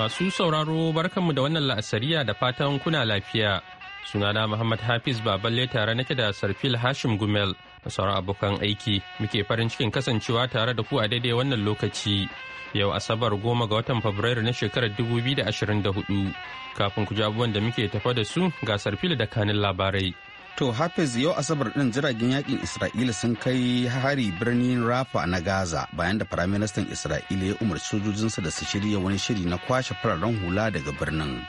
Masu sauraro barkanmu da wannan la'asariya da fatan kuna lafiya. Sunana Muhammad Hafiz Baballe tare nake da Sarfil Hashim Gumel da sauran abokan aiki muke farin cikin kasancewa tare da ku a daidai wannan lokaci. Yau Asabar goma ga watan Fabrairu na shekarar dubu biyu da 2024 kafin ku ji abubuwan da muke tafa da su ga Sarfil da kanin labarai. To Hafiz yau Asabar ɗin jiragen yakin Isra'ila sun kai hari birnin Rafa na Gaza bayan da Firaministan Isra'ila ya umarci sojojinsa da su shirya wani shiri na kwashe fararen hula daga birnin.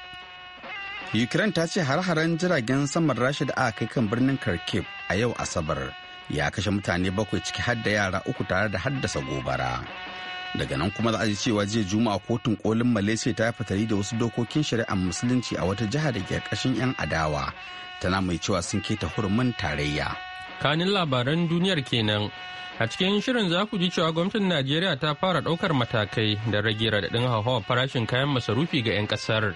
Ukraine ta ce har-haren jiragen saman Rasha da aka kai kan birnin Kharkiv a yau Asabar ya kashe mutane bakwai ciki har da yara uku tare da haddasa gobara. daga nan kuma za a ji cewa jiya juma'a kotun kolin malaysia ta yi fatari da wasu dokokin shari'ar musulunci a wata jiha da ke 'yan adawa tana mai cewa sun keta hurumin tarayya kanin labaran duniyar kenan a cikin shirin za ku ji cewa gwamnatin najeriya ta fara ɗaukar matakai da rage raɗaɗin hauhawar farashin kayan masarufi ga 'yan ƙasar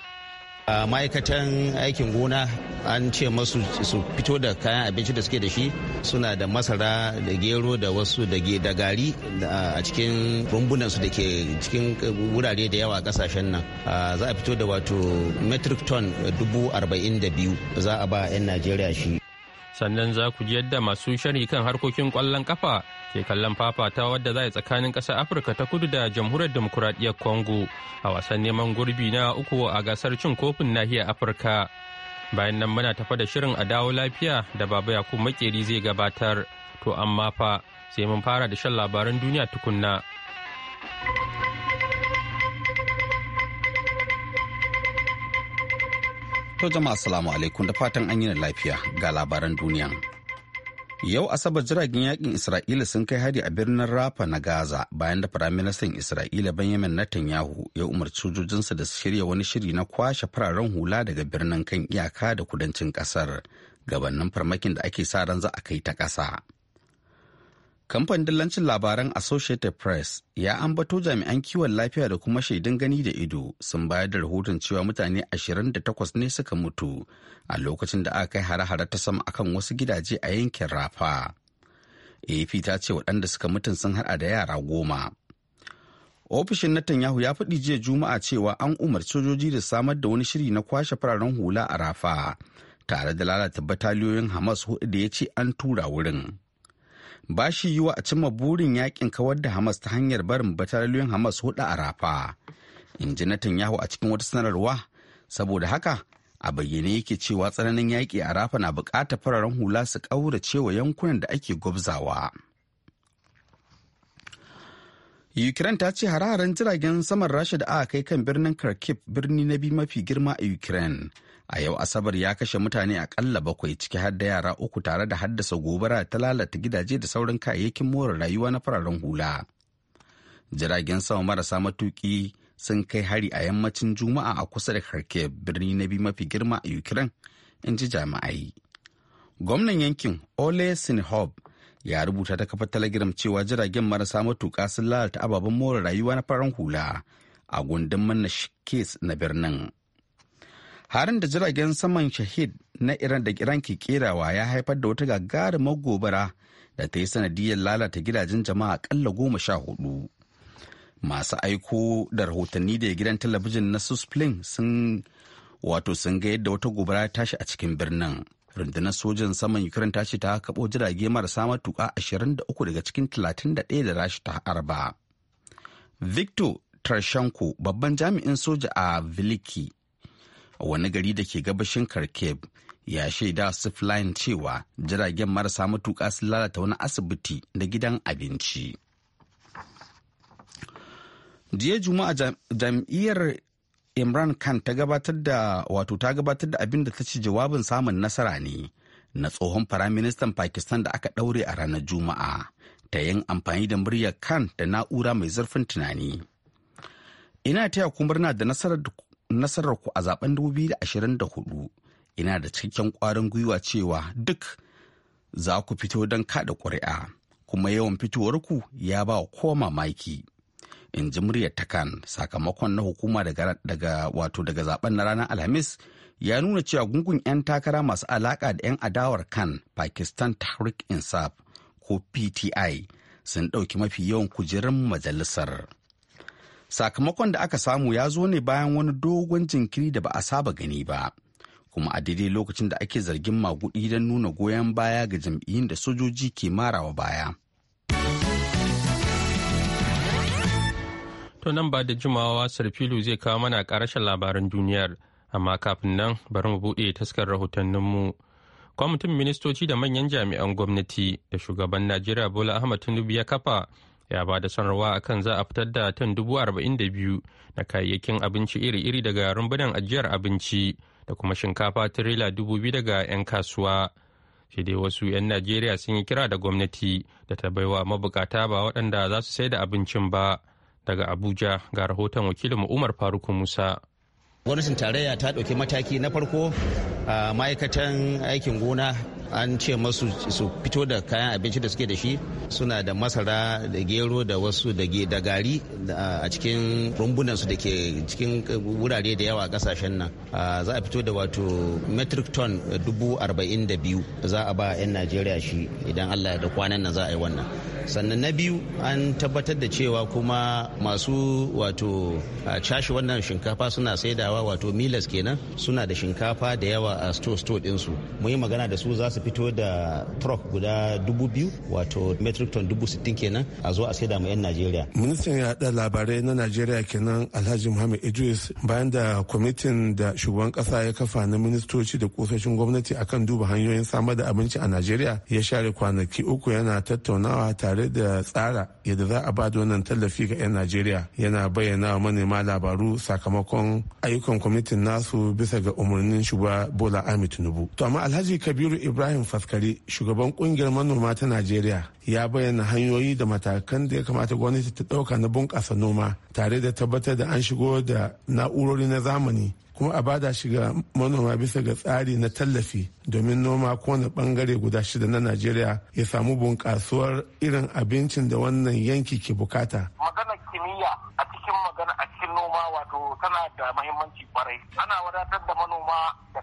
a ma'aikatan aikin gona an ce masu su fito da kayan abinci da suke da shi suna da masara da gero da wasu da gari a cikin rumbunan da ke cikin wurare da yawa kasashen nan za a fito da wato metric ton dubu arba'in da biyu za a ba 'yan najeriya shi sannan za ku ji yadda masu shari kan harkokin kwallon kafa ke kallon fafata wadda za a tsakanin ƙasar afirka ta kudu da jamhuriyar demokuraɗiyyar congo a wasan neman gurbi na uku a gasar cin kofin nahiyar afirka bayan nan muna tafa da shirin a dawo lafiya da baba yakubu makeri zai gabatar to amma fa sai mun fara da shan labaran duniya tukunna. To jama'a assalamu alaikum da fatan an yi lafiya ga labaran duniya. Yau Asabar jiragen yakin Isra'ila sun kai hari a birnin Rafa na Gaza bayan da Firaministan Isra'ila Benjamin Netanyahu ya umarci sojojinsa da su shirya wani shiri na kwashe fararen hula daga birnin kan iyaka da kudancin kasar gabanin farmakin da ake sa ran za a kai ta ƙasa. Kamfanin dillancin labaran Associated Press ya ambato jami'an kiwon lafiya da kuma shaidun gani da ido sun bayar da rahoton cewa mutane 28 ne suka mutu a lokacin da aka kai hare-hare ta sama akan wasu gidaje a yankin Rafa. AP ta ce waɗanda suka mutun sun haɗa da yara goma. Ofishin Netanyahu ya faɗi jiya Juma'a cewa an umarci sojoji da samar da wani shiri na kwashe fararen hula a Rafa tare da lalata bataliyoyin Hamas hudu da ya ce an tura wurin. ba shi yiwa a cimma burin yakin kawar da Hamas ta hanyar barin bataliyoyin Hamas hudu a rafa. In ji Netanyahu a cikin wata sanarwa, saboda haka a bayyane yake cewa tsananin yaƙi a rafa na buƙatar fararen hula su ƙaurace wa yankunan da ake gwabzawa. Ukraine ta ce hare-haren jiragen saman Rasha da aka kai kan birnin Kharkiv birni na biyu mafi girma a Ukraine a yau asabar ya kashe mutane akalla bakwai ciki har da yara uku tare da haddasa gobara ta lalata gidaje da sauran kayayyakin more rayuwa na fararen hula jiragen sama marasa matuki sun kai hari a yammacin juma'a a kusa da karke birni na biyu mafi girma a ukraine in ji jami'ai gwamnan yankin ole sinhob ya rubuta ta kafar telegram cewa jiragen marasa matuka sun lalata ababen more rayuwa na fararen hula a gundumar na na birnin. harin da jiragen saman shahid na iran da iran ke kerawa ya haifar da wata gagarumar gobara da ta yi sanadiyar lalata gidajen jama'a kalla goma sha hudu masu aiko da rahotanni da gidan talabijin na susplin sun wato sun ga yadda wata gobara ta tashi a cikin birnin rundunar sojan saman ukraine ta ce ta kabo jirage marasa matuka 23 daga cikin 31 da rashi ta arba victor tarshenko babban jami'in soja a viliki a wani gari da ke gabashin kharkiv ya shaida sifline cewa jiragen marasa matuƙa sun lalata wani asibiti da gidan abinci jiya juma'a jam'iyyar imran khan ta gabatar da wato ta gabatar da abin da ta ce jawabin samun nasara ne na tsohon firaministan pakistan da aka ɗaure a ranar juma'a ta yin amfani da muryar khan da na'ura mai zurfin tunani ina taya ku murna da nasarar nasarar ku a zaben 2024 ina da cikakken kwarin gwiwa cewa duk za ku fito don kada ƙuri'a kuma yawan fitowarku ya ba wa kowa mamaki in ji muryar takan sakamakon na hukuma daga wato daga zaben na ranar alhamis ya nuna cewa gungun 'yan takara masu alaka da 'yan adawar kan pakistan tahrik insaf ko pti sun ɗauki mafi yawan kujerun majalisar. sakamakon da aka samu ya zo ne bayan wani dogon jinkiri da ba a saba gani ba kuma a daidai lokacin da ake zargin magudi don nuna goyon baya ga jam'iyyun da sojoji ke marawa baya to nan ba da jimawa sarfilu zai kawo mana karashen labaran duniyar amma kafin nan bari mu buɗe taskar rahotanninmu kwamitin ministoci da manyan jami'an gwamnati da shugaban najeriya bola ahmad tinubu ya kafa ya ba da sanarwa a kan za a fitar da tan dubu arba'in da biyu na kayayyakin abinci iri-iri daga rumbunan ajiyar abinci da kuma shinkafa tirela dubu biyu daga 'yan kasuwa sai dai wasu 'yan najeriya sun yi kira da gwamnati da ta baiwa mabukata ba waɗanda za su sai da abincin ba daga abuja ga rahoton wakilin umar faruk musa gwamnatin tarayya ta ɗauki mataki na farko a ma'aikatan aikin gona an ce masu su fito da kayan abinci da suke da shi suna da masara da gero da wasu da gari a cikin rumbunan su da ke cikin wurare da yawa a kasashen nan za a fito da wato metric ton dubu za a ba 'yan najeriya shi idan allah da kwanan nan za a yi wannan sannan na biyu an tabbatar da cewa kuma masu wato cashe wannan shinkafa suna saidawa wato milas kenan suna da shinkafa da yawa a store store dinsu mu yi magana da su za su fito da truck guda dubu biyu wato metric ton dubu sittin kenan a zo a saida ma 'yan najeriya ministan ya yaɗa labarai na najeriya kenan alhaji muhammad idris bayan da kwamitin da shugaban kasa ya kafa na ministoci da kusoshin gwamnati akan duba hanyoyin samar da abinci a najeriya ya share kwanaki uku yana tattaunawa tare da tsara yadda za a ba da wannan tallafi ga 'yan najeriya yana bayyana wa manema labaru sakamakon ayyukan kwamitin nasu bisa ga umarnin shugaba bola ahmed tinubu to amma alhaji kabiru ibrahim ibrahim faskari shugaban kungiyar manoma ta najeriya ya bayyana hanyoyi da matakan da ya kamata gwamnati ta ɗauka na bunƙasa noma tare da tabbatar da an shigo da na'urori na zamani kuma a bada shi ga manoma bisa ga tsari na tallafi domin noma kowane bangare guda shida na najeriya ya samu bunƙasuwar irin abincin da wannan yanki ke bukata kimiyya a cikin noma wato tana da mahimmanci kwarai ana wadatar da manoma da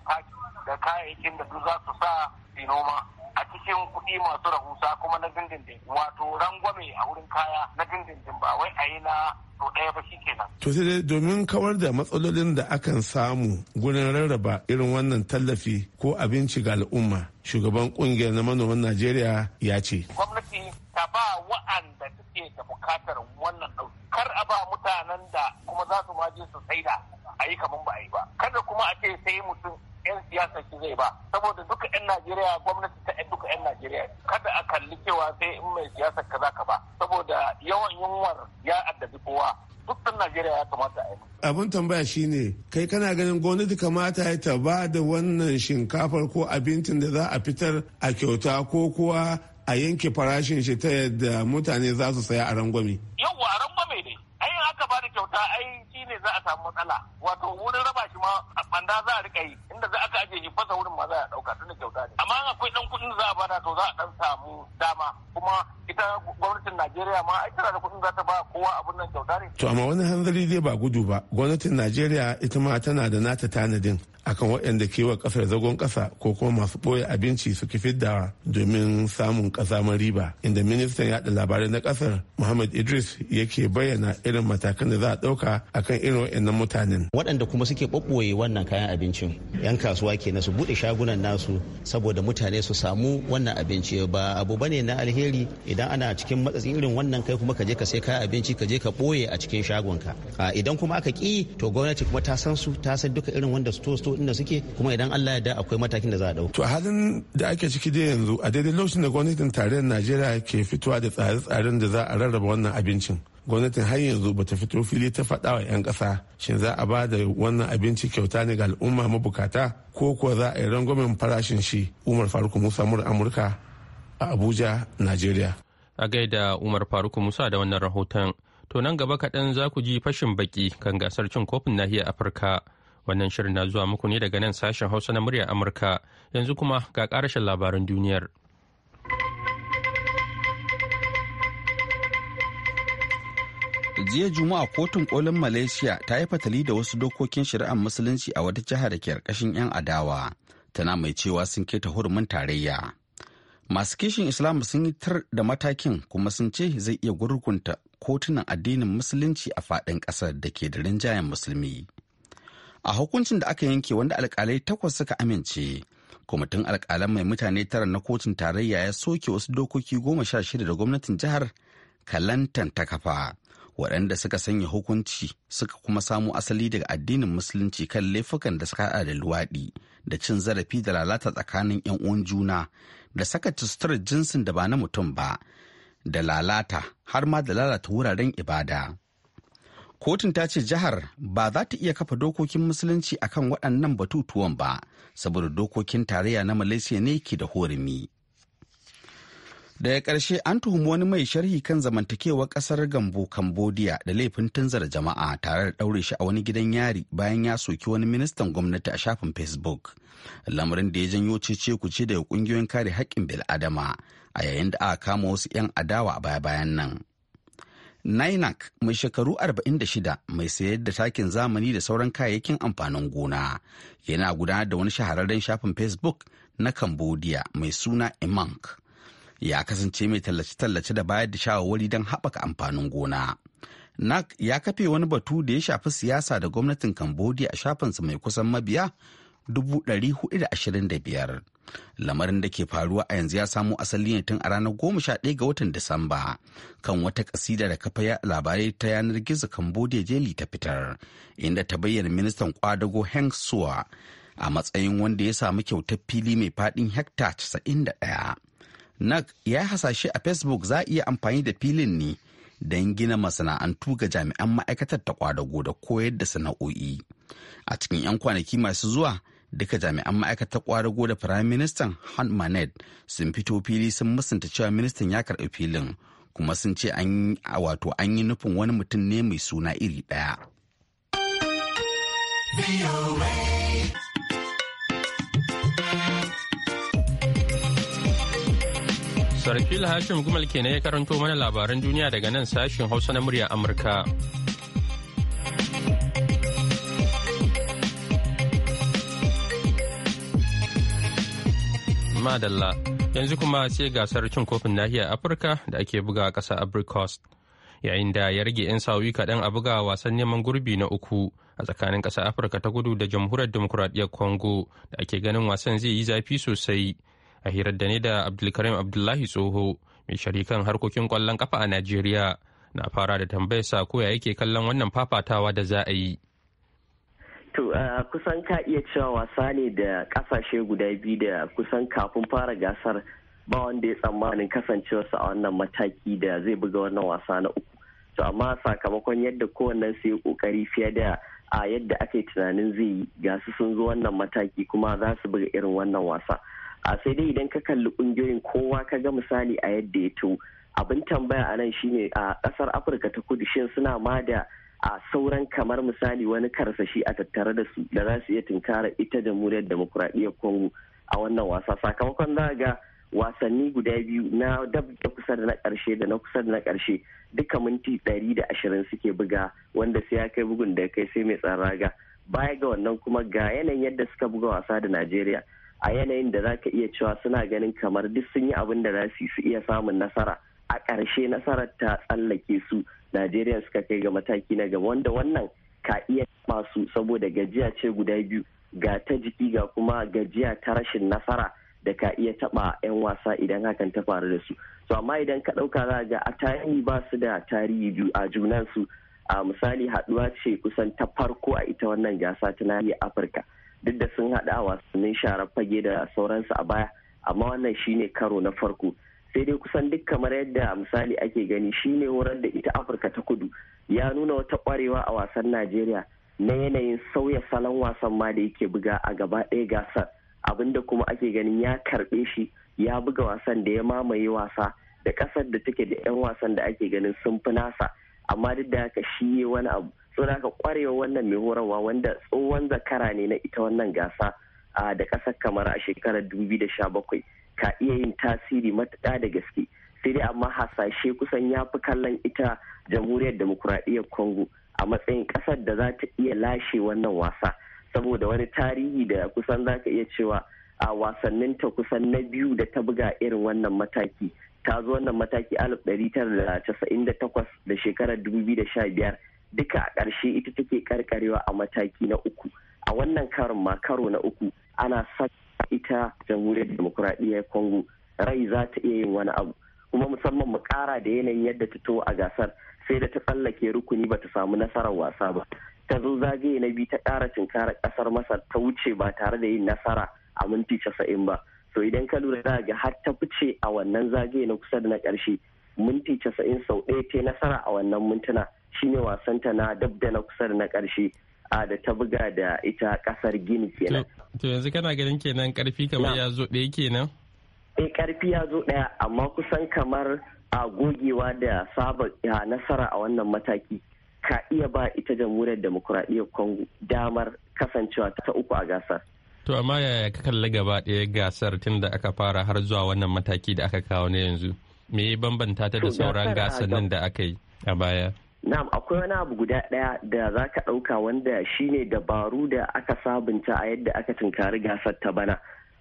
da kayayyakin da duk za su sa kuɗi noma a cikin kuɗi masu rahusa kuma na dindindin wato rangwame a wurin kaya na dindindin ba wai a yi na ɗaya ba shi kenan. To sai dai domin kawar da matsalolin da akan samu gurin rarraba irin wannan tallafi ko abinci ga al'umma shugaban kungiyar na manoman Najeriya ya ce. Gwamnati ta ba wa'anda suke da bukatar wannan ɗauki kar a ba mutanen da kuma za su maje su saida a yi kamar ba a yi ba kada kuma a ce sai mutum 'yan siyasa shi zai ba saboda duka 'yan najeriya gwamnati ta duka 'yan najeriya kada a kalli cewa sai in mai siyasa kaza ka ba saboda yawan yunwar ya addabi kowa dukkan najeriya ya kamata a yi abin tambaya shine kai kana ganin gwamnati kamata ta ba da wannan shinkafar ko abincin da za a fitar a kyauta ko kuwa a yanke farashin shi ta yadda mutane za su saya a rangwame yau a rangwame ba da kyauta ai shi ne za a samu matsala wato wurin raba shi ma a banda za a rika yi inda za aka ajiye shi fasa wurin ma za a dauka tunda kyauta ne amma akwai dan kudin za a bada to za a dan samu dama kuma ita gwamnatin Najeriya ma ai tana da kudin za ta ba kowa abun nan kyauta ne to amma wani hanzari dai ba gudu ba gwamnatin Najeriya ita ma tana da nata tanadin akan waɗanda ke wa ƙasar zagon ƙasa ko kuma masu ɓoye abinci suke fidda domin samun ƙazamar riba inda ministan yaɗa labarai na ƙasar muhammad idris yake bayyana irin matakan da za a ɗauka akan irin waɗannan mutanen waɗanda kuma suke ɓaɓɓoye wannan kayan abincin yan kasuwa ke su buɗe shagunan nasu saboda mutane su samu wannan abinci ba abu bane na alheri idan ana cikin matsatsi irin wannan kai kuma ka je ka sai kayan abinci ka je ka ɓoye a cikin shagonka idan kuma aka ƙi to gwamnati kuma ta san su ta san duka irin wanda su to inda suke kuma idan Allah ya da akwai matakin da za a dauka. To halin da ake ciki dai yanzu a daidai lokacin da gwamnatin tarayyar Najeriya ke fitowa da tsare-tsaren da za a rarraba wannan abincin. gwamnatin har yanzu bata fito fili ta faɗa wa 'yan kasa shin za a ba da wannan abinci kyauta ne ga al'umma mabukata ko kuwa za a yi rangwamen farashin shi umar faruk musa mura amurka a abuja nigeria a gaida umar faruk musa da wannan rahoton to nan gaba kaɗan za ku ji fashin baki kan gasar cin kofin nahiyar afirka Wannan shirin na zuwa muku ne daga nan sashen Hausa na muryar Amurka yanzu kuma ga karashen labaran duniyar. jiya juma'a kotun kolin malaysia ta yi fatali da wasu dokokin shari'ar musulunci a wata jihar da ke ƙarƙashin 'yan adawa tana mai cewa sun keta hurumin tarayya masu kishin islam sun yi tar da matakin kuma sun ce zai iya gurgunta kotunan addinin musulunci a faɗin ƙasar da ke da rinjayen musulmi a hukuncin da aka yanke wanda alkalai takwas suka amince kwamitin alkalan mai mutane tara na kotun tarayya ya soke wasu dokoki goma sha shida da gwamnatin jihar kalantan ta kafa waɗanda suka sanya hukunci suka kuma samo asali daga addinin musulunci kan laifukan da suka haɗa da luwaɗi da cin zarafi da lalata tsakanin 'yan uwan juna da saka jinsin da ba na mutum ba da lalata har ma da lalata wuraren ibada kotun ta ce jihar ba za ta iya kafa dokokin musulunci akan waɗannan batutuwan ba saboda dokokin tarayya na malaysia ne ke da horumi daga ƙarshe an tuhumi wani mai sharhi kan zamantakewar ƙasar gambo cambodia da laifin tunzara jama'a tare da ɗaure shi a wani gidan yari bayan ya soki wani ministan gwamnati a shafin facebook lamarin da ya janyo cece kuce daga ƙungiyoyin kare haƙƙin bil'adama a yayin da aka kama wasu 'yan adawa a baya-bayan nan Ninac mai shekaru 46 mai sayar da takin zamani da sauran kayayyakin amfanin gona yana gudanar da wani shahararren shafin Facebook na Cambodia mai suna Imank. Ya kasance mai tallace-tallace da bayar da shawarwari don haɓaka amfanin gona. Nak ya kafe wani batu da ya shafi siyasa da gwamnatin Cambodia a shafinsa mai kusan mabiya biyar. lamarin da ke faruwa a yanzu ya samo asali ne tun a ranar 11 ga watan disamba kan wata kasida da kafa labarai ta yanar gizo cambodia jeli ta fitar inda ta bayyana ministan kwadago heng suwa a matsayin wanda ya samu kyautar fili mai fadin hekta 91 nak ya hasashe a facebook za a iya amfani da filin ne don gina masana'antu ga jami'an ma'aikatar ta kwadago da koyar da sana'o'i a cikin 'yan kwanaki masu zuwa duka jami'an ma'aikatar kwadago da firayim ministan han manet sun fito fili sun musanta cewa ministan ya karɓi filin kuma sun ce an wato an yi nufin wani mutum ne mai suna iri ɗaya. Sarfil Hashim Gumal kenan ya karanto mana labaran duniya daga nan sashen Hausa na murya Amurka. Madalla. Yanzu kuma sai gasar cin kofin nahiyar Afirka da ake buga a ƙasar coast Yayin da ya rage 'yan sawi kaɗan a buga wasan neman gurbi na uku a tsakanin ƙasar Afirka ta gudu da jamhuriyar demokuraɗiyyar Congo da ake ganin wasan zai yi zafi sosai. A hirar da ne da Abdulkarim Abdullahi Tsoho, mai sharikan harkokin ƙwallon ƙafa a Najeriya, na fara da tambayar sa ko ya yake kallon wannan fafatawa da za a yi. To kusan ka iya cewa wasa ne da kasashe guda biyu da kusan kafin fara gasar ba wanda ya tsammanin kasancewarsa a wannan mataki da zai buga wannan wasa na uku. To amma sakamakon yadda kowanne su yi kokari fiye da a yadda aka yi tunanin zai yi gasu sun zo wannan mataki kuma za su buga irin wannan wasa. A sai dai idan ka kalli kungiyoyin kowa ka ga misali a yadda ya to abin tambaya a nan shine a kasar Afirka ta kudu shin suna ma da a sauran kamar misali wani karsashi a tattare da su da za su iya tunkara ita da jamhuriyar demokuraɗiyyar kongo a wannan wasa sakamakon za ga wasanni guda biyu na dab da kusa da na karshe da na kusa da na karshe duka minti ɗari da ashirin suke buga wanda sai ya kai bugun da kai sai mai raga baya ga wannan kuma ga yanayin yadda suka buga wasa da najeriya a yanayin da za ka iya cewa suna ganin kamar duk sun yi abin da za su iya samun nasara a ƙarshe nasarar ta tsallake su najeriya suka kai ga mataki na gaba wanda wannan ka iya masu saboda gajiya ce guda biyu ga ta jiki ga kuma gajiya ta rashin nasara da ka iya taba 'yan wasa idan hakan ta faru da su to amma idan ka ɗauka za ga a tarihi ba su da tarihi biyu a su a misali haɗuwa ce kusan ta farko a ita wannan gasa ta nahiyar afirka duk da sun haɗa wasannin sharar fage da sauransu a baya amma wannan shine karo na farko sai dai kusan duk kamar yadda misali ake gani shine horar da ita afirka ta kudu ya nuna wata kwarewa a wasan najeriya na yanayin sauya salon wasan ma da yake buga a gaba ɗaya gasar abinda kuma ake ganin ya karɓe shi ya buga wasan da ya mamaye wasa da ƙasar da take da 'yan wasan da ake ganin sun fi nasa amma duk da haka shi wani abu so da kwarewa wannan mai horarwa wanda tsohon zakara ne na ita wannan gasa da ƙasar kamar a shekarar 2017 ka iya yin tasiri matuƙa da gaske sai dai amma hasashe kusan ya fi kallon ita jamhuriyar demokuraɗiyyar congo a matsayin ƙasar da za ta iya lashe wannan wasa saboda wani tarihi da kusan za ka iya cewa a wasannin ta kusan na biyu da ta buga irin wannan mataki ta zo wannan mataki 1998 da da shekarar biyar duka a ƙarshe ita take karkarewa a mataki na uku a wannan karin ma karo na uku ana saka ita jamhuriyar demokuraɗiyyar congo rai za ta iya yin wani abu kuma musamman mu kara da yanayin yadda ta to a gasar sai da ta tsallake rukuni ba ta samu nasarar wasa ba ta zo zagaye na biyu ta kara cinkara kasar masar ta wuce ba tare da yin nasara a minti casa'in ba to idan ka lura za ga har ta fice a wannan zagaye na kusa da na karshe minti casa'in sau ɗaya ta nasara a wannan mintuna shine wasanta na dab da na kusa da na ƙarshe a da ta buga da ita kasar gini kenan to yanzu kana ganin kenan karfi kamar ya zo ɗaya kenan eh karfi ya zo ɗaya amma kusan kamar a gogewa da saba nasara a wannan mataki ka iya ba ita jamhuriyar demokuraɗiyyar congo damar kasancewa ta uku a gasar to amma yaya ka kalli gaba ɗaya gasar tun da aka fara har zuwa wannan mataki da aka kawo na yanzu me ya bambanta ta da sauran gasannin da aka yi a baya Na'am akwai wani abu guda ɗaya da za ka ɗauka wanda shine dabaru da aka sabunta a yadda aka tunkari gasar ta bana.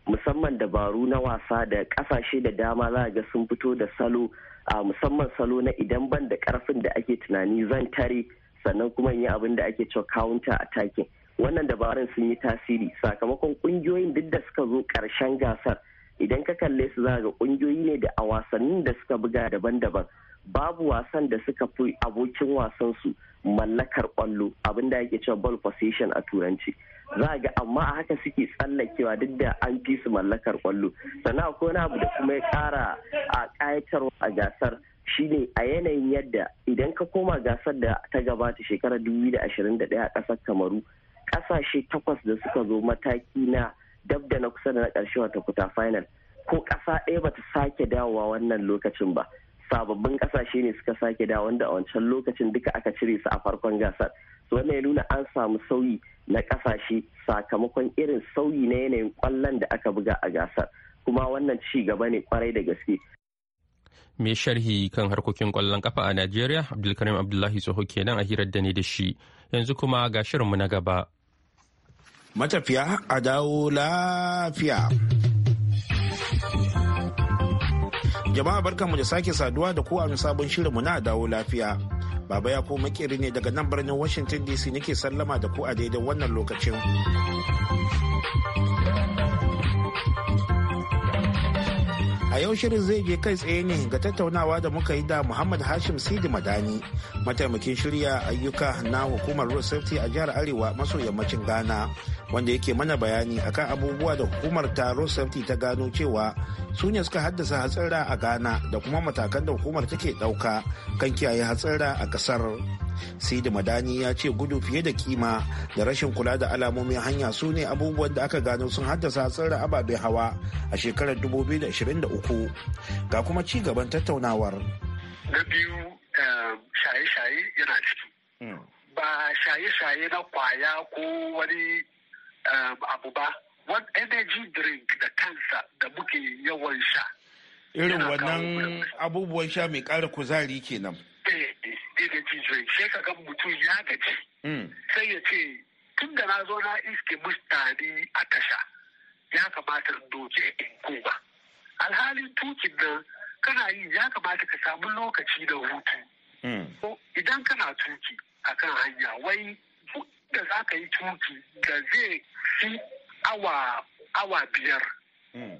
Musamman dabaru na wasa da ƙasashe da dama za ga sun fito da salo a musamman salo na idan ban da ƙarfin da ake tunani zan tare sannan kuma yi abin da ake cewa a attacking. Wannan dabarun sun yi tasiri sakamakon ƙungiyoyin duk da suka zo ƙarshen gasar idan ka kalle su za ga ƙungiyoyi ne da a wasannin da suka buga daban-daban. babu wasan da suka fi abokin wasan su mallakar kwallo da yake cewa ball possession a turanci za ga amma a haka suke tsallakewa duk da an fi su mallakar kwallo sannan akwai wani abu da kuma ya kara a kayatar a gasar shine a yanayin yadda idan ka koma gasar da ta gabata shekarar 2021 a kasar kamaru kasashe takwas da suka zo mataki na dab da na kusa da na karshe wata kuta final ko kasa ɗaya bata sake dawowa wannan lokacin ba sababbin kasashe ne suka sake da wanda a wancan lokacin duka aka cire su a farkon gasar su wannan ya nuna an samu sauyi na kasashe sakamakon irin sauyi na yanayin kwallon da aka buga a gasar kuma wannan ci gaba ne kwarai da gaske mai sharhi kan harkokin kwallon kafa a najeriya abdulkarim abdullahi tsoho kenan a hirar da ne da shi yanzu kuma ga shirinmu na gaba matafiya a dawo lafiya Jama'a mu da sake saduwa da ku a wani sabon shirinmu na dawo lafiya. Baba ya ko makeri ne daga nan birnin Washington DC nake sallama da ku a daidai wannan lokacin. A yau shirin zai je kai tsaye ne ga tattaunawa da muka yi da Muhammad Hashim Sidi Madani, mataimakin shirya ayyuka na hukumar Road Safety a jihar Arewa maso yammacin Ghana, wanda yake mana bayani akan abubuwa da hukumar taron safety ta gano cewa su ne suka haddasa hatsara a ghana da kuma matakan da hukumar take dauka kan kiyaye hatsara a kasar sidi madani ya ce gudu fiye da kima da rashin kula da alamomin hanya su ne abubuwan da aka gano sun haddasa hatsarin ababen hawa a shekarar 2023 ga kuma ci gaban tattaunawar na biyu eh, shaye-shaye yana ciki hmm. ba shaye-shaye na kwaya ko wani Eh, abu ba wani energy drink da kansa da muke yawan sha irin wannan abubuwan sha mai ƙara kuzari kenan eh, eh, energy drink sai ka ga mutum ya gaji hmm. sai ya ce tun da na zo na iske mustari a tasha ya kamata in doke in koma alhalin tukin nan kana yi ya kamata ka samu lokaci da hutu hmm. idan kana tuki a kan hanya wai da za ka yi tuki da zai fi awa awa biyar hmm.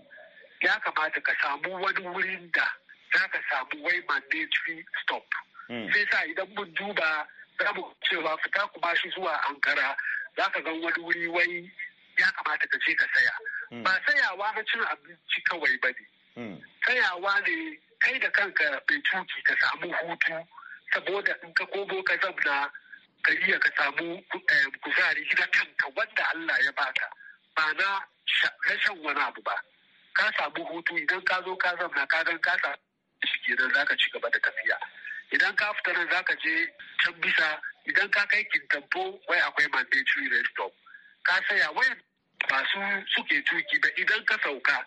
ya kamata ka samu wani wurin da za ka samu wai mandatory stop hmm. sai sa idan mun duba za mu cewa fita ku shi zuwa ankara za ka gan wani wuri wai ya kamata ka ce ka saya hmm. ba sayawa na cin abinci kawai ba ne sayawa ne kai da kanka bai tuki ka samu hutu saboda in ka kobo ka zabna ka iya ka samu eh, kuzari na kanka wanda Allah ya baka ba na rashin wani abu ba ka samu hutu idan ka zo ka zauna ka gan ka samu shi za ka ci gaba da tafiya idan ka fita nan za ka je can bisa idan ka kai kintampo wai akwai mandatory rest stop ka saya wai ba su suke tuki ba idan ka sauka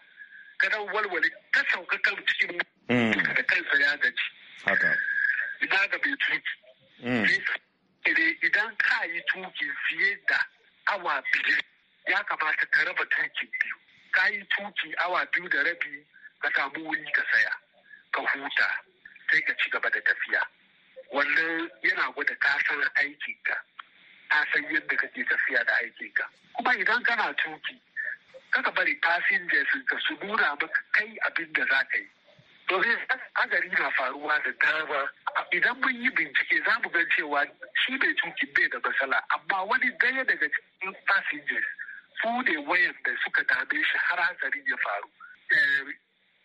ka dan walwale ka sauka kan cikin hmm. da kansa ya gaji. Haka. Ina ga bai tuki. Hmm. idan ka yi tuki fiye da awa biyu ya kamata ka raba tukin biyu ka yi tuki awa biyu da rabi ka samu wuri ka saya ka huta sai ka ci gaba da tafiya wannan yana gwada ka san aikin ka ka san yadda kake tafiya da aikin ka kuma idan kana tuki kaka bari fasinjas ka su nuna maka kai abin da za ka yi hadari na faruwa da dama idan mun yi bincike za mu gan cewa shi bai cuki bai da matsala amma wani daya daga cikin passengers su ne wayan da suka dame shi har hatsari ya faru eh,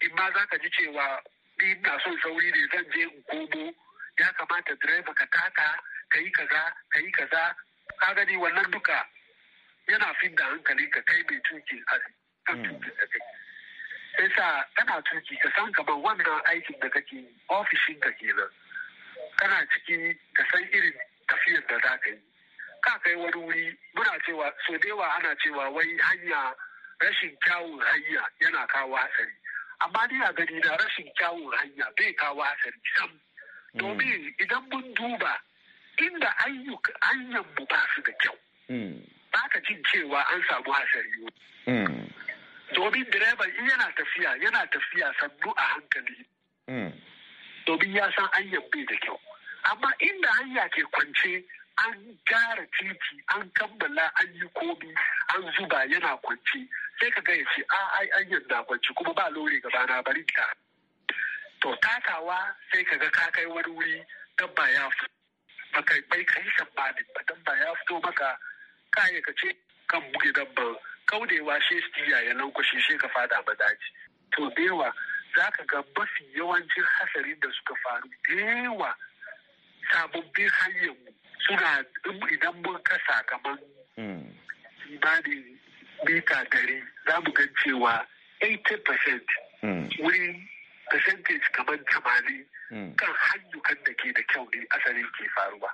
in ma za ka ji cewa ni na son sauri ne zan je in komo ya kamata direba ka taka ka yi kaza ka yi kaza ka gani wannan duka yana da hankali ka kai mai cuki a kai hmm. sai sa kana tuki ka san gaba wannan aikin da kake ofishin ka kenan kana ciki ka san irin tafiyar da za ka yi ka kai wani wuri muna cewa so da ana cewa wai hanya rashin kyawun hanya yana kawo hatsari amma ni a gani na rashin kyawun hanya bai kawo hatsari sam hmm. domin idan mun duba inda hanyar mu ba su da kyau hmm. ba ka jin cewa an samu hatsari hmm. domin direban in yana tafiya yana tafiya sannu a hankali mm. domin ya san hanyar bai da kyau amma inda hanya ke kwance an gyara titi an kammala an yi komi an zuba yana kwance sai ka gaya ce an ai hanyar na kwance kuma ba lori gaba na bari ta to takawa sai ka ga ka kai wani wuri ba ya fito baka bai kai ba ba ya fito maka kaya ka ce kan buge dabban kaudewa shi stiya ya lankwashe shi ka fada daji. to bewa za ka ga mafi yawancin hasari da suka faru bewa sababbin hanyar suna idan mun kasa kamar hmm. imanin mita dari za mu gan cewa 80% hmm. wurin percentage kamar tamani hmm. kan hanyukan da ke da kyau ne asalin ke faruwa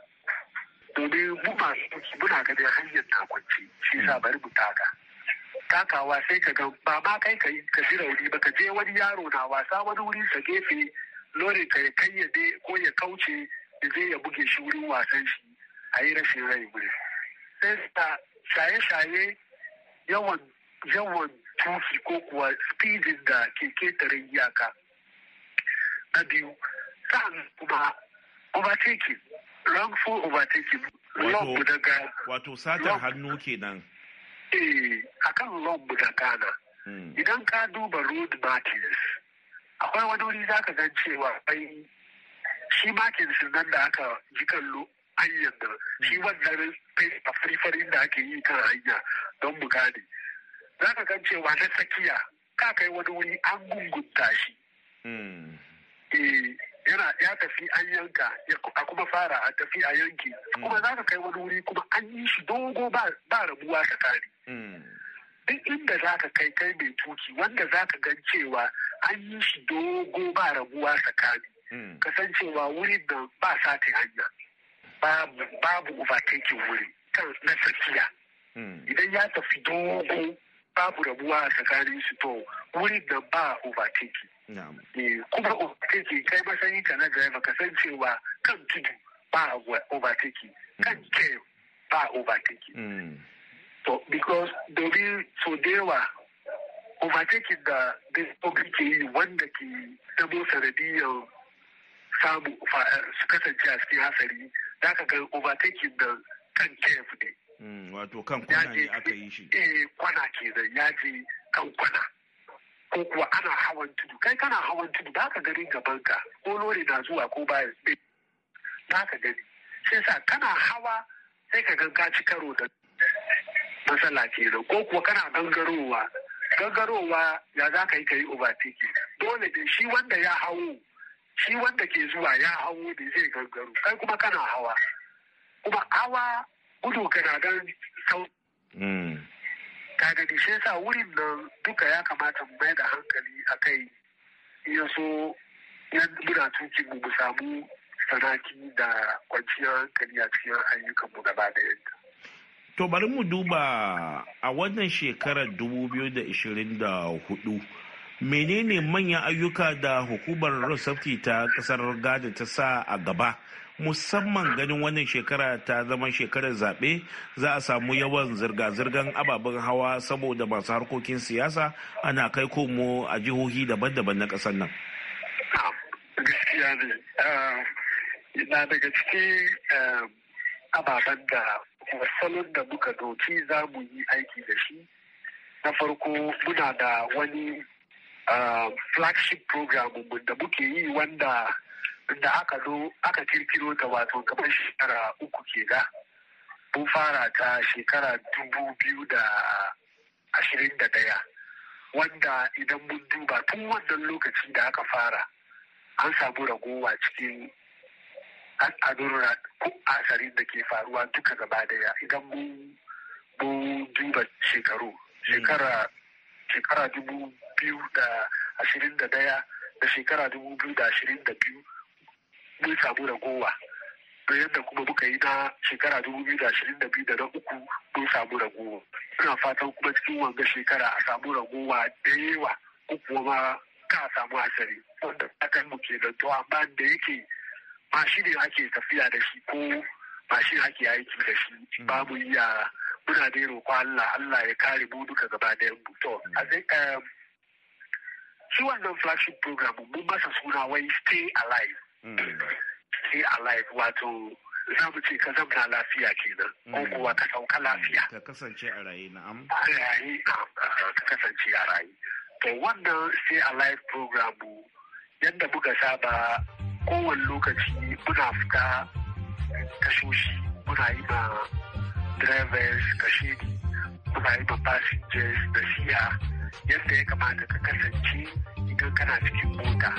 domin mu masu muna ganin hanyar na kwanci shi sa bari mu taka takawa sai ka ga ba ma kai ka ka ji rauni ba ka je wani yaro na wasa wani wuri sa gefe lori ka ya kayyade ko ya kauce da zai ya buge shi wurin wasan shi a yi rashin rai wuri sai sa shaye-shaye yawan yawan tuki ko kuwa speedin da ke ketare iyaka na biyu sa'an kuma overtaking wrongful overtaking wato satar hannu kenan ce akan long da Ghana hmm. idan ka duba road markings, akwai wani wuri za ka gan cewa bai shi markings nan da aka ji kallo hanyar da shi hmm. wannan fari fari da ake yi kan hanya don mu gane za ka gan cewa na tsakiya ka kai wani wuri an gungunta shi hmm. eh, yana ya tafi an yanka a kuma fara a tafi a yanki kuma za ka kai wani wuri kuma an yi shi dogo ba rabuwa tsakani duk inda za ka kai kai mai tuki wanda za ka gan cewa an yi shi dogo ba rabuwa tsakani hmm. kasancewa wurin da ba sati hanya babu ubatakin wuri na tsakiya hmm. idan ya tafi dogo babu rabuwa a tsakanin su to wurin da ba ubatakin eh, kuma ubatakin kai matsayin ka na driver kasancewa kan tudu ba ubatakin kan ke hmm. ba ubatakin so because domin so da yawa overtaking da dabbobi ke yi wanda ke zama sanadiyar samu su kasance a cikin hasari za ka ga overtaking da kan kef ne. Hmm, wato kan kwana ne aka yi shi. Eh kwana ke da ya je kan kwana. Ko kuwa ana hawan tudu, kai kana hawan tudu ba ka gani gaban ka ko lori na zuwa ko bayan ba ka gani. Sai sa kana hawa sai ka ga ka ci karo da masallaci da ko kuwa kana gangarowa gangarowa ya za ka yi ka yi overtaking dole da shi wanda ya hawo shi wanda ke zuwa ya hawo da zai gangaro kai kuma kana hawa kuma hawa gudu kana gan sau hmm. kaga da sa wurin nan duka ya kamata mu mai da hankali a kai ya so muna tuki mu samu sanaki da kwanciyar hankali a cikin ayyukanmu gaba da yadda To bari mu duba a wannan shekarar 2024 menene manyan ayyuka da hukumar Rosafti ta kasar gada ta sa a gaba musamman ganin wannan shekara ta zama shekarar zaɓe za a samu yawan zirga-zirgar ababen hawa saboda masu harkokin siyasa ana kai komo a jihohi daban-daban na ƙasar nan. Gaskiya eh, na daga cikin eh, ababen da salon da muka doki za mu yi aiki da shi na farko muna da wani flagship program da muke yi wanda da aka zo aka kirkiro ta wato kamar shekara uku ke ga mun fara ta shekara dubu biyu da ashirin da daya wanda idan mun duba tun wannan lokacin da aka fara an samu ragowa cikin al'adurra ko asari da ke faruwa duka gaba daya idan mun duba shekaru shekara shekara dubu biyu da ashirin da daya da shekara dubu biyu da ashirin da biyu mun samu ragowa Da yadda kuma muka yi na shekara dubu biyu da ashirin da biyu da na uku mun samu ragowa ina fatan kuma cikin wanga shekara a samu ragowa da yawa ko kuma ma ka samu asali wanda akan mu da to amma da yake mashi ne ake tafiya da shi ko mashi ake aiki da shi hmm. babu iya muna yaro roƙo Allah Allah ya kare mu duka gaba da to hmm. a eh, shi wannan flagship program mun masa suna wai stay alive hmm. stay alive wato za mu ce ka zamna lafiya kenan ko kuwa ka sauka lafiya ka kasance a raye am a raye ka kasance a raye to wannan stay alive program yadda muka saba kowane lokaci muna fita tashoshi muna yi ma drivers ne, muna yi ma passengers da siya yadda ya kamata ka kasance idan kana cikin mota.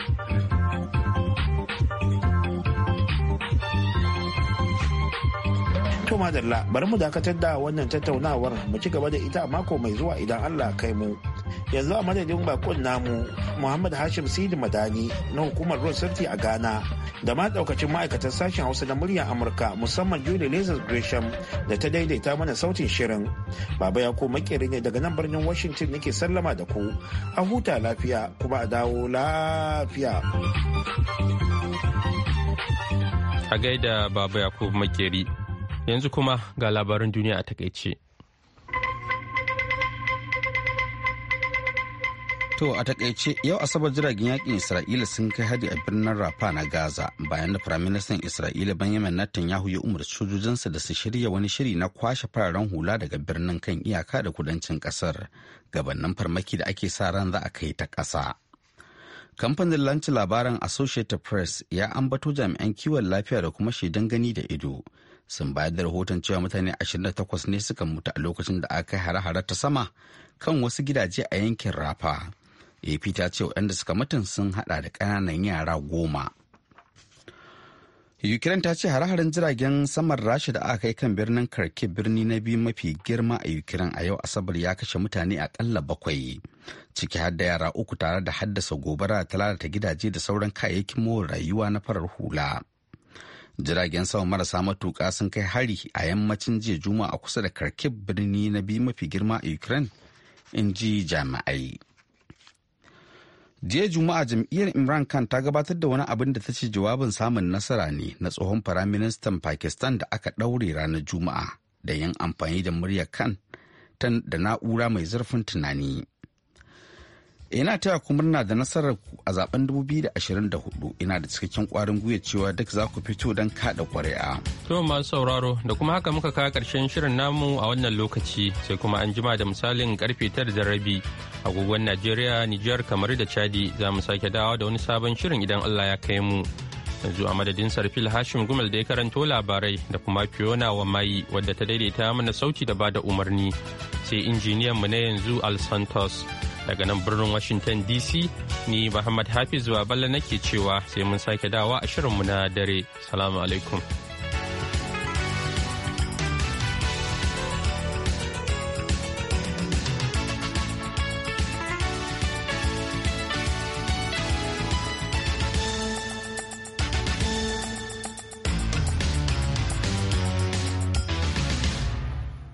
To madalla bari mu dakatar da wannan tattaunawar mu ci gaba da ita a mako mai zuwa idan Allah kai mu. yanzu a madadin bakon namu muhammad hashim sidi madani na hukumar road safety a ghana da ma daukacin ma'aikatan sashen hausa na muryar amurka musamman julie lazar gresham da ta daidaita mana sautin shirin baba ya ko makeri ne daga nan birnin washington nake sallama da ku a huta lafiya kuma a dawo lafiya a gaida baba yakub makeri yanzu kuma ga labarin duniya a takaice To a takaice yau asabar jiragen yakin Isra'ila sun kai hari a birnin Rafa na Gaza bayan da firaministan Isra'ila Benjamin Netanyahu ya umarci sojojinsa da su shirya wani shiri na kwashe fararen hula daga birnin kan iyaka da kudancin kasar gabanin farmaki da ake sa ran za a kai ta kasa. Kamfanin lanci labaran Associated Press ya ambato jami'an kiwon lafiya da kuma shaidan gani da ido sun bayar da rahoton cewa mutane 28 ne suka mutu a lokacin da aka hare-hare ta sama kan wasu gidaje a yankin Rafa. ap ta ce waɗanda suka mutum sun hada da kananan yara goma ukraine ta ce hare-haren jiragen saman rasha da aka kai kan birnin kharkiv birni na biyu mafi girma a ukraine a yau asabar ya kashe mutane a akalla bakwai ciki har da yara uku tare da haddasa gobara ta lalata gidaje da sauran kayayyakin more rayuwa na farar hula jiragen sama marasa matuka sun kai hari a yammacin jiya juma'a kusa da kharkiv birni na biyu mafi girma a ukraine in ji jami'ai jiya juma'a jam'iyyar imran khan ta gabatar da wani abin da ta ce jawabin samun nasara ne na tsohon firaministan pakistan da aka ɗaure ranar juma'a da yin amfani da muryar khan da na'ura mai zurfin tunani ina taya ku murna da nasarar ku a zaben 2024 ina da cikakken kwarin gwiwa cewa duk za ku fito don kada ƙuri'a. to masu sauraro da kuma haka muka kawo karshen shirin namu a wannan lokaci sai kuma an jima da misalin karfe tara da rabi agogon najeriya nijar kamar da chadi za mu sake dawo da wani sabon shirin idan allah ya kai mu yanzu a madadin sarfil hashim gumel da ya karanto labarai da kuma fiona wa mai wadda ta daidaita mana sauti da bada umarni sai injiniyan mu na yanzu al santos daga nan birnin washington dc ni muhammad hafiz balla nake cewa sai mun sake dawa a shirinmu na dare salamu alaikum